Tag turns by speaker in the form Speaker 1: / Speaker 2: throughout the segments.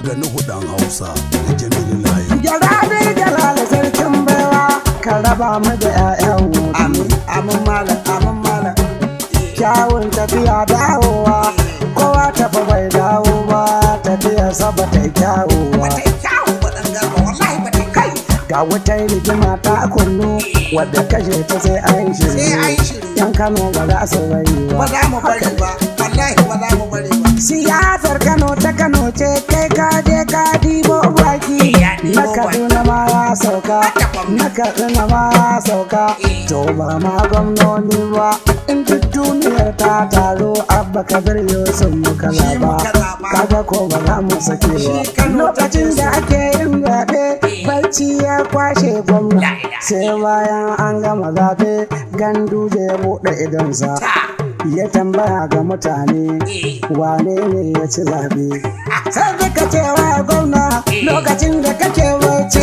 Speaker 1: daga hausa da jamilu layi gyarabe da lala sarkin baiwa ka raba mu da amin amin amin kyawun tafiya dawowa kowa tafi bai dawo ba tafiya saba ta kyawu ba ga wata rigima ta kullu wadda kashe ta sai an shiru yan kano ba za su bari ba ba za mu bari ba wallahi ba za mu bari ba siyasar kano ta kano ce katsina ma sauka to ba ma gwamnoni ba in duniyar ta taru abba kabir yusuf muka ba kaga ko ba za mu sake ba lokacin da ake yin zaɓe barci ya kwashe gwamna sai bayan an gama zaɓe gandu da ya buɗe idonsa ya tambaya ga mutane eh. wane ne ya ci zaɓe sai duka cewa gwamna eh. lokacin da kake barci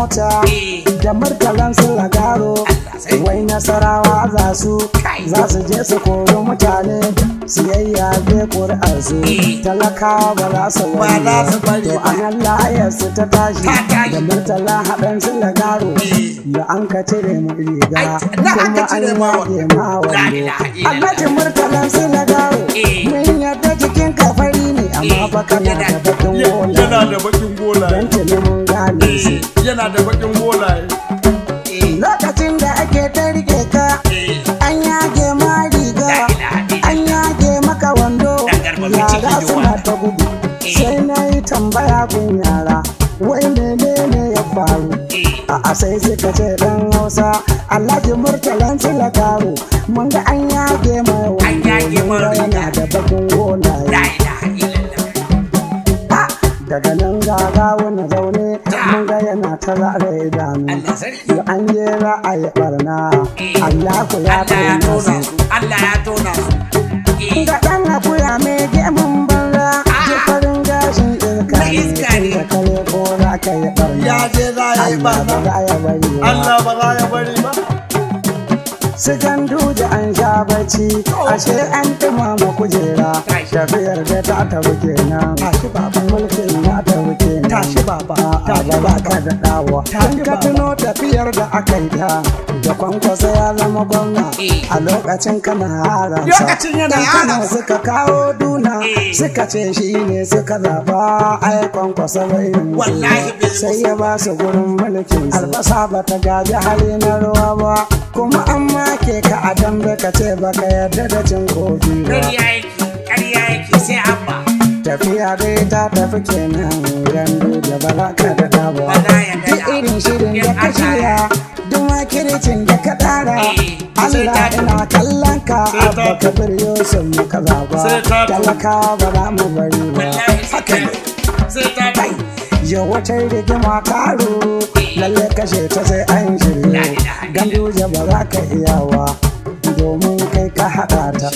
Speaker 1: mota eh. da martalan su lagaro wai nasarawa za su za su je su kori mutane siyayya be ƙuri'ar su eh. talakawa ba za su bari to anan layar su ta tashi da martala haɗin su lagaro eh. da an ka cire mu riga kuma an yage ma wani alhaji martalan su lagaro mun yadda cikin kafari ne amma baka na da bakin gola don tuni mun gane su yana da bakin eh, lokacin da ake ta rike ka eh. an yage ma riga an yage maka wando yara suna ta gudu eh. sai na yi tambaya kun yara wai menene ya faru a sai ka ce dan hausa alhaji murtalan cila karo mun ga an yage mai wando yana da bakin bolaye ah, daga nan ga wani. ta za da da an je za a yi barna eh. Allah ku ya tona su Allah ya tona su eh. ga dan akuya mai mun banza ke ah. farin gashi iska ne ka kare ko za ka yi barna ya je za a yi barna Allah ba za ya bari ba su gandu da an ja bacci ashe an tuma dumama kujera tafiyar da ta tabu kenan tashi baba mulkin ya tabu kenan tashi baba tashi ka da dawo an ka tuno tafiyar da aka yi ta da kwankwasa ya zama gwamna eh. a lokacin kana haransa lokacin yana haransa suka kawo nuna eh. suka ce shi ne suka zaɓa ai kwankwasa bai sai ya ba su gurin mulkin albasa ba ta gaji hali na ruwa ba kuma an make ka a dambe ka ce ba ka yarda da cin kofi ba tafiya dai ta tafi kenan gandu da balaka da daba duk irin shirin da kashiya duma kiricin Eh, eh, Allah ina kallon ka abba ka bar Yusuf maka baba talaka ba za mu bari ba haka ne ya wata rigima karo eh. lalle kashe ta sai an shirya ganduje ba za ka iyawa domin kai ka haɗa ta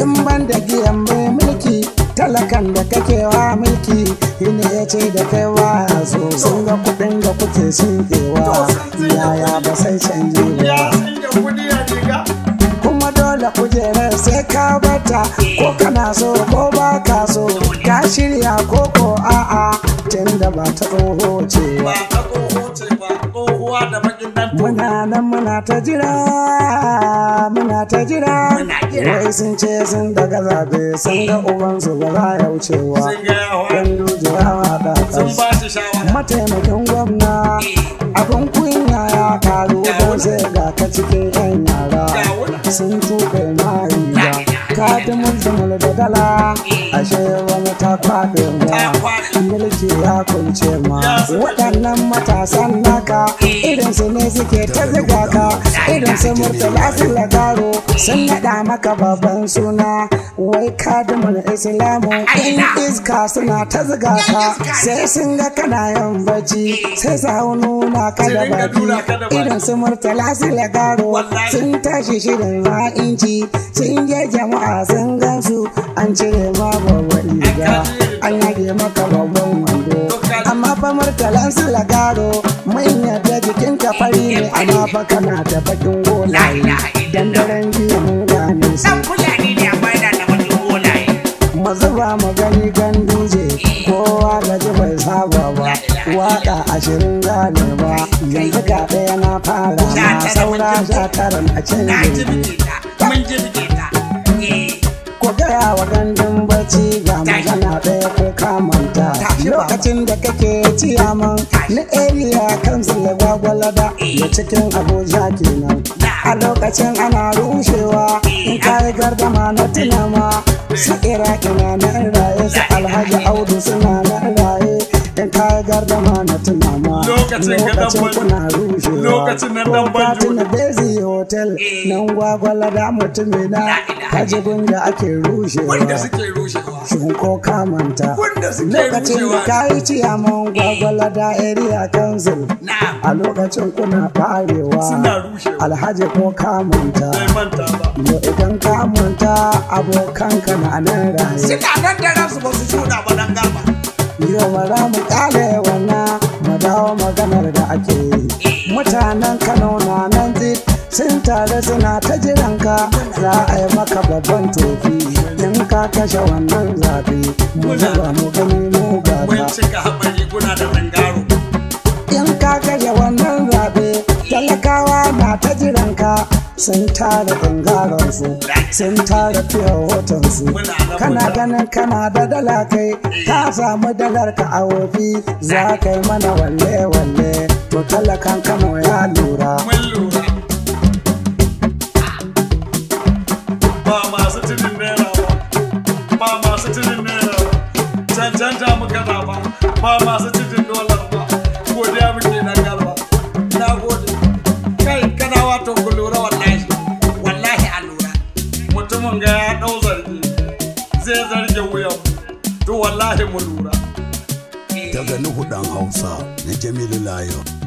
Speaker 1: in ban da giyan mai mulki talakan da kake wa mulki shi ne ya ce da kai wa so sun ga kuɗin da kuke sun kewa yaya ba sai canje ba kuma dole kujerar sai ka bata ko kana so ko ba ka so ka shirya ko ko a'a tun da ba ta ɗoho ce muna nan muna ta jira muna ta jira wai sun ce sun daga zabe sun ga ubansu ba za ya wucewa faɗa ƙas mataimakin gwamna abin kunya ya ƙaru don zai ga ka cikin yan yara sun tuɓe mariya ka ta mun da dala eh. ashe wani ta kwaɗe ba mulki ya kunce ma waɗannan matasan naka irin su ne suke ta zuga ka irin su murtala su lagaro sun naɗa maka babban suna wai kadumul islamu in iska suna ta zuga ka sai sun ga kana yan bacci sai sa nuna ka da baki irin su murtala su lagaro sun tashi shirin ra'inci sun je jama'a sun gansu an cire ma babban riga an yage maka babban murtalan su lagaro manya da jikin ka fari ne amma fa kana da bakin gola dan daren jiya mun gane su mu zuba mu gani ganduje kowa da ji bai saba ba waka ashirin gane ba yanzu ga na fara na saura sha tara na ko eh. gaya wa gandun bacci ga magana ɗaya lokacin da kake ciyaman na area council gwagwalada da cikin abuja kenan a lokacin ana rushewa in kayi gardama na tunama su iraki na nan na tuna ma lokacin kuna rushe lokacin na dan banjo Daisy Hotel eh. nan gwagwala da mutumi na kaji da ake rushewa wanda suke rushewa ko lokacin da kai eh. gwagwala da area council a lokacin kuna farewa alhaji ko kamanta manta mu idan kamanta abokan abokanka na nan raye suna nan da ba su ba gaba yau za mu kale wannan dawo maganar da ake mutanen kano na nan sun tare suna ta jiranka za a yi maka babban tofi in ka kashe wannan zafi mu zuba mu gani mu gaba in ka kashe wannan zafi talakawa na ta jiranka sun tare su. sun tara fiye hotonsu kana ganin kana da dala kai ta samu dalar ka a wofi za ka yi mana walle walle to talakan kamo ya lura ba masu naira ba ba masu naira ba ba masu zai zarge wuyan to wallahi mu lura daga nuhu dan hausa na jamilu layo